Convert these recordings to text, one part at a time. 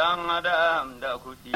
dan adam da kuɗi.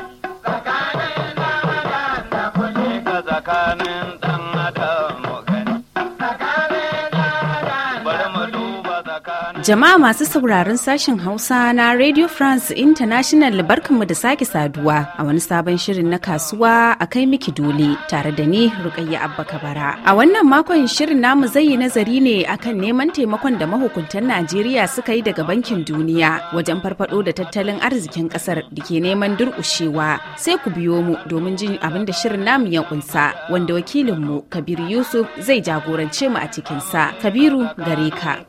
Jama'a masu sauraron sashen Hausa na Radio France International barkanmu da sake saduwa a wani sabon shirin na kasuwa a kai miki dole tare da ni Rukayya Abba Kabara. A wannan makon shirin namu zai yi nazari ne akan neman taimakon da mahukuntan Najeriya suka yi daga Bankin Duniya wajen farfado da tattalin arzikin kasar da ke neman durƙushewa. Sai ku biyo mu domin jin abin da shirin namu ya kunsa wanda wakilinmu Kabiru Yusuf zai jagorance mu a cikinsa. Kabiru gare ka.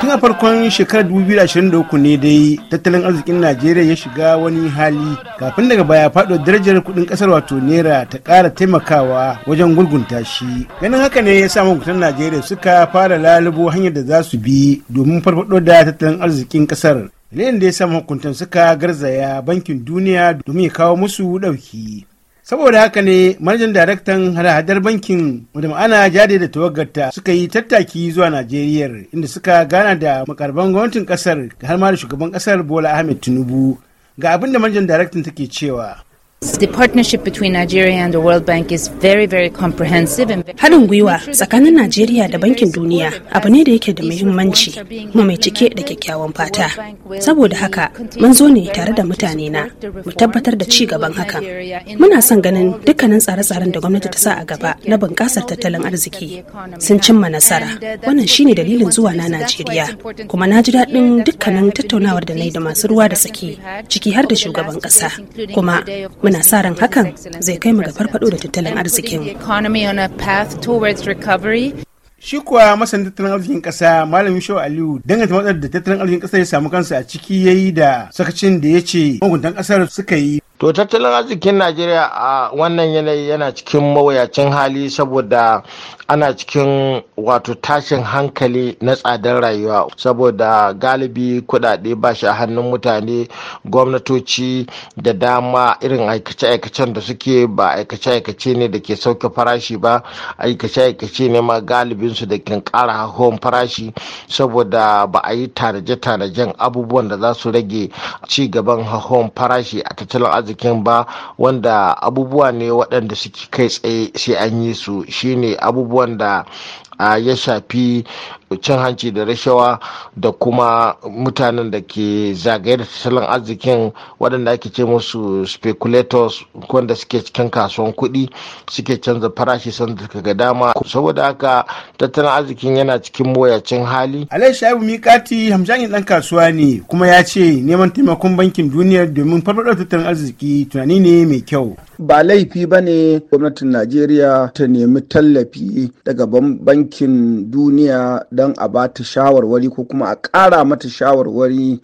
tun a farkon shekarar 2023 ne dai tattalin arzikin najeriya ya shiga wani hali kafin daga baya faɗo darajar kudin kasar wato naira ta ƙara taimakawa wajen gurgunta shi ganin haka ne ya samu kutan najeriya suka fara lalubo hanyar da za su bi domin farfaɗo da tattalin arzikin kasar dalilin da ya samu hukuntan suka garzaya bankin duniya domin ya kawo musu ɗauki saboda haka ne manajan daraktan hada-hadar bankin wadda ma'ana jade da tawagarta suka yi tattaki zuwa najeriya inda suka gana da makarban gwamnatin kasar har ma da shugaban kasar bola ahmed tinubu ga abin da manajan daraktan take cewa Haɗin gwiwa tsakanin Najeriya da Bankin Duniya abu ne da yake da muhimmanci kuma mai cike da kyakkyawan fata. Saboda haka mun zo ne tare da mutane na mu tabbatar da ci gaban hakan. Muna son ganin dukkanin tsare-tsaren da gwamnati ta sa a gaba na bunƙasar tattalin arziki sun cimma nasara. Wannan shine dalilin zuwa na Najeriya kuma na ji daɗin dukkanin tattaunawar da na yi da masu ruwa da tsaki ciki har da shugaban ƙasa kuma muna muna sa ran hakan zai kai mu ga farfado da tattalin arzikin shi kuwa masan tattalin arzikin kasa malamin shehu aliyu danganta matsalar da tattalin arzikin kasa ya samu kansa a ciki yayi da sakacin da ya ce maguntan kasar suka yi To tattalin arzikin Najeriya a wannan yanayi yana cikin mawuyacin hali saboda ana cikin wato tashin hankali na tsadar rayuwa saboda galibi kudade ba shi a hannun mutane gwamnatoci da dama irin aikace-aikacen da suke ba aikace-aikace ne da ke sauke farashi ba aikace-aikace ne ma galibinsu da ke kara hahon farashi saboda ba a yi tanaje tarajen abubuwan da za su rage ci gaban hahon farashi a tattalin arziki jikin ba wanda abubuwa ne waɗanda suke kai tsaye sai an yi su shine abubuwan da ya shafi cin hanci da rashawa da kuma mutanen da ke zagaye da tattalin arzikin waɗanda ake ce musu speculators wanda suke cikin kasuwan kuɗi suke canza farashi san da ga dama saboda haka tattalin arzikin yana cikin moyacin hali alai shaibu mikati hamjani dan kasuwa ne kuma ya ce neman taimakon bankin duniya domin farfaɗo tattalin arziki tunani ne mai kyau ba laifi ba ne gwamnatin najeriya ta nemi tallafi daga bankin duniya don a ba ta shawarwari ko kuma a ƙara mata shawarwari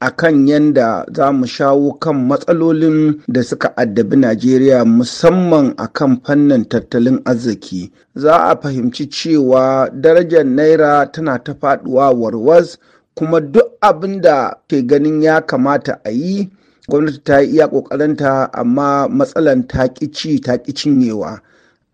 a kan yadda za mu shawo kan matsalolin da suka addabi Najeriya musamman a kan fannin tattalin arziki. Za a fahimci cewa darajar Naira tana ta faɗuwa warwas kuma duk abin da ke ganin ya kamata a yi gwamnati ta yi iya ƙoƙarinta amma matsalan ta ƙi ci ta ƙi cinyewa.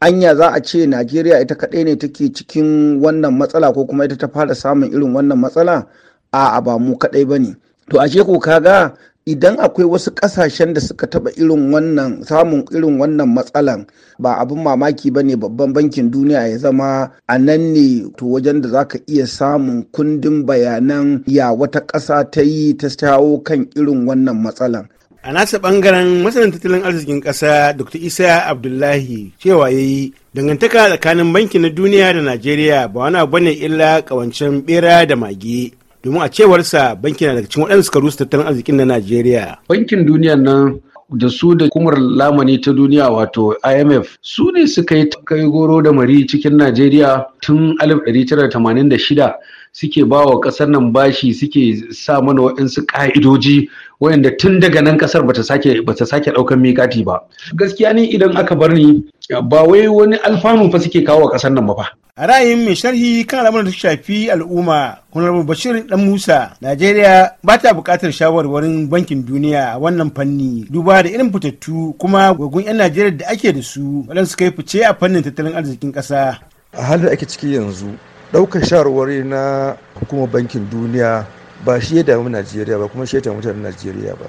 anya za a ce najeriya ita kaɗai ne take cikin wannan matsala ko kuma ita ta fara samun irin wannan matsala a ba mu kaɗai ba ne to ashe ko ga idan akwai wasu ƙasashen da suka taɓa irin wannan samun irin wannan matsalan ba abin mamaki ba ne babban bankin duniya ya zama a nan ne to wajen da za ka iya samun kundin bayanan ya wata ƙasa ta yi ta shawo kan irin wannan matsalan a nasa bangaren masanin tattalin arzikin kasa dr isa abdullahi cewa ya yi dangantaka tsakanin banki na duniya da najeriya ba wani abu ne illa kawancen bera da mage domin a cewarsa banki na daga cikin waɗanda suka rusa tattalin arzikin na najeriya bankin duniya nan da su da hukumar lamani ta duniya wato IMF su ne suka yi kai goro da mari cikin Najeriya tun 1986 suke ba wa ƙasar nan bashi suke sa mana waɗansu ƙa'idoji wayanda tun daga nan ƙasar bata sake bata sake ɗaukan miƙati ba gaskiya ni idan aka bar ni ba wai wani alfanu fa suke kawo ƙasar nan ba fa a ra'ayin mai sharhi kan al'amuran da shafi al'umma honorable bashir dan musa najeriya ba ta buƙatar shawarwarin bankin duniya a wannan fanni duba da irin fitattu kuma gwagun 'yan najeriya da ake da su waɗansu kai fice a fannin tattalin arzikin ƙasa a halin da ake ciki yanzu ɗaukar shawarwari na hukumar bankin duniya ba shi ya damu najeriya ba kuma shi ya damu mutanen najeriya ba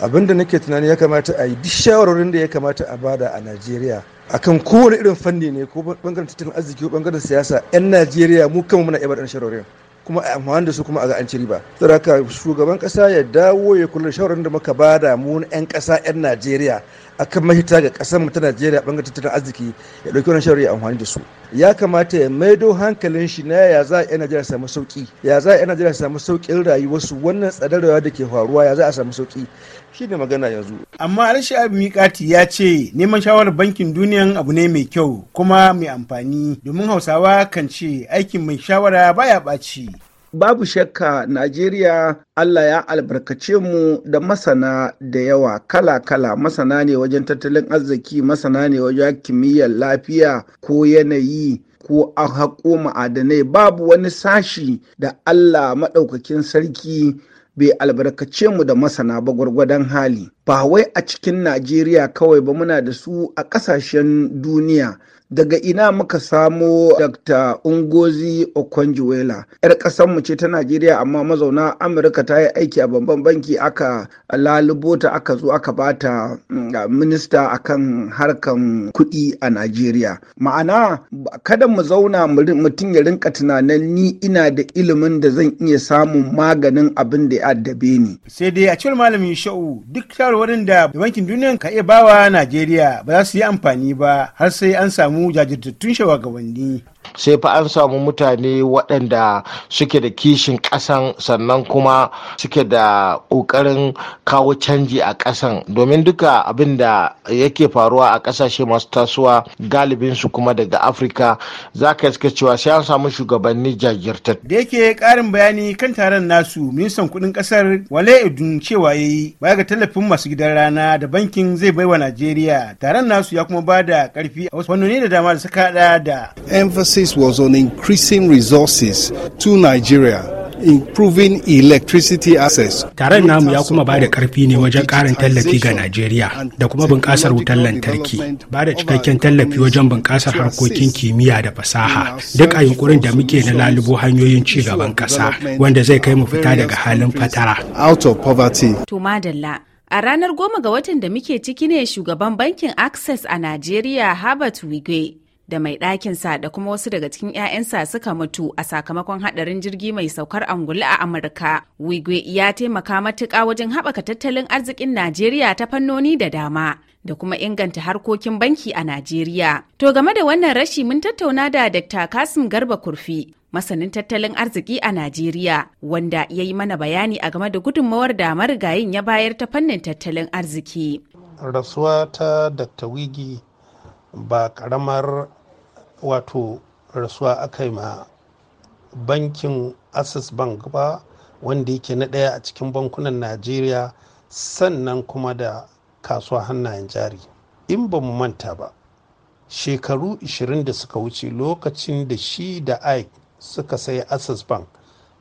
abin da nake tunani ya kamata a yi duk shawarwarin da ya kamata a bada a najeriya akan kowane irin fanni ne ko bangaren tattalin arziki ko bangaren siyasa yan najeriya mu kanmu muna iya shawarwarin kuma a amfani da su kuma a ga an ci riba saboda shugaban kasa ya dawo ya kula da shawarwarin da muka bada mu yan kasa yan Najeriya akan mahita ga kasar mu ta Najeriya bangaren tattalin arziki ya dauki wannan shawarwari a amfani da su ya kamata ya maido hankalin shi na ya za a yi najeriya samu sauki ya za a yan najeriya samu saukin rayuwarsu wannan tsadarwa da ke faruwa ya za a samu sauki shi ne magana yanzu amma rashin abu miƙati ya ce neman shawarar bankin duniyan abu ne mai kyau kuma mai amfani domin hausawa kan ce aikin mai shawara baya ɓaci Babu shakka Najeriya Allah ya albarkace mu da masana da yawa kala-kala masana ne wajen tattalin arziki masana ne wajen kimiyyar lafiya ko yanayi ko an haƙo ma'adanai babu wani sashi da Allah maɗaukakin sarki bai albarkace mu da masana ba gwargwadon hali ba wai a cikin najeriya kawai ba muna da su a ƙasashen duniya daga ina muka samo dr ungozi okonjuela yar mu ce ta najeriya amma mazauna amurka ta yi aiki a babban banki aka lalubo aka zo aka bata mm, minista akan harkan kudi a najeriya ma'ana kada mu zauna mutum ya rinka tunanin ni ina da ilimin da zan iya samun maganin abin da ya addabe ni sai dai a cewar malamin sha'u duk shawarwarin da bankin duniya ka iya bawa najeriya ba za su yi amfani ba har sai an samu samu jajirtattun shawagabanni sai fa an samu mutane waɗanda suke da kishin ƙasan sannan kuma suke da ƙoƙarin kawo canji a ƙasan domin duka abin da yake faruwa a ƙasashe masu tasowa su kuma daga afirka za ka iska cewa sai an samu shugabanni jajirtar da yake ƙarin bayani kan taron nasu ministan kuɗin ƙasar wale edun cewa ya yi baya ga tallafin masu gidan rana da bankin zai baiwa najeriya taron nasu ya kuma ba da ƙarfi a wasu fannoni da dama da suka haɗa da emphasis was on increasing resources to Nigeria. improving electricity access. Taron namu ya kuma ba da karfi ne wajen karin tallafi ga Najeriya da kuma bunƙasar wutar lantarki, ba da cikakken tallafi wajen bunƙasar harkokin kimiyya da fasaha, duk a yunkurin da muke na lalubo hanyoyin ci gaban ƙasa wanda zai kai mu fita daga halin fatara. Out of poverty. To madalla. A ranar goma ga watan da muke ciki ne shugaban bankin Access a Najeriya Herbert Wigwe da mai ɗakinsa da kuma wasu daga cikin 'ya'yansa suka mutu a sakamakon haɗarin jirgi mai saukar angulu a Amurka. Wigwe ya taimaka matuƙa wajen haɓaka tattalin arzikin Najeriya ta fannoni da dama. da kuma inganta harkokin banki a Najeriya. To game da wannan rashi mun tattauna da Dr. Kasim Garba Kurfi, masanin tattalin arziki a Najeriya, wanda ya yi mana bayani a game da gudunmawar da marigayin ya bayar ta fannin tattalin arziki. Rasuwa ta Dr. Wigi ba karamar wato rasuwa aka yi ma bankin access bank ba wanda yake na ɗaya a cikin bankunan najeriya sannan kuma da kasuwa hannayen jari in ba mu manta ba shekaru 20 da suka wuce lokacin da shi da ai suka sayi access bank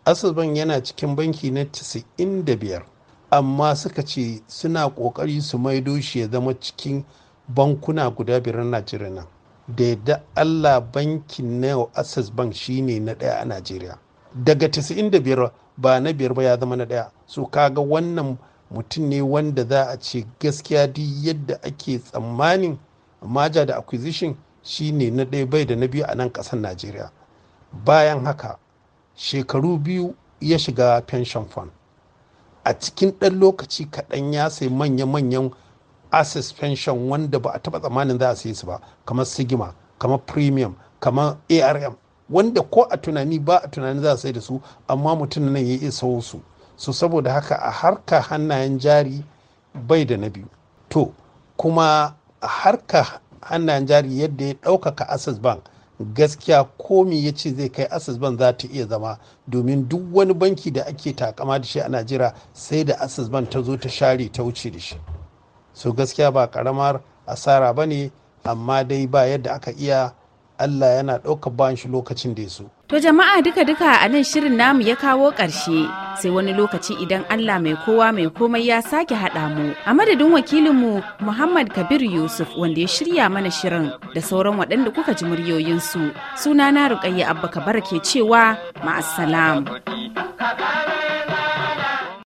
access bank yana cikin banki na 95 amma suka ce suna ƙoƙari su maido shi ya zama cikin bankuna guda biyar na najeriya da yadda allah bankin na access bank shine na ɗaya a najeriya daga 95 ba na biyar ba ya zama na ɗaya so kaga wannan mutum ne wanda za a ce gaskiya duk yadda ake tsammanin maja da acquisition shine na ɗaya bai da na biyu a nan ƙasar najeriya bayan haka shekaru biyu ya shiga pension fund a cikin ɗan lokaci kaɗan ya sai manya-manyan a pension wanda ba a taba tsammanin za a sayi su ba kamar sigma kamar premium kamar arm wanda ko a tunani ba a tunani za a sai da su amma mutum nan ya iso su so saboda haka a harka hannayen jari bai da na biyu to kuma a harka hannayen jari yadda ya ɗaukaka access bank gaskiya komi ya ce zai kai access bank za ta iya zama domin duk wani banki da ake takama da shi a najeriya sai da access bank ta zo ta share ta wuce da shi so gaskiya ba karamar asara ba ne amma dai ba yadda aka iya Allah yana ɗaukar bayan shi lokacin da ya so. To jama'a duka-duka a nan shirin namu ya kawo ƙarshe sai wani lokaci idan Allah mai kowa mai komai ya sake haɗa mu. A madadin wakilinmu Muhammad Kabir Yusuf wanda ya shirya mana shirin da sauran waɗanda kuka ji muryoyinsu. Sunana Rukayya Abba Kabara ke cewa ma'asalam.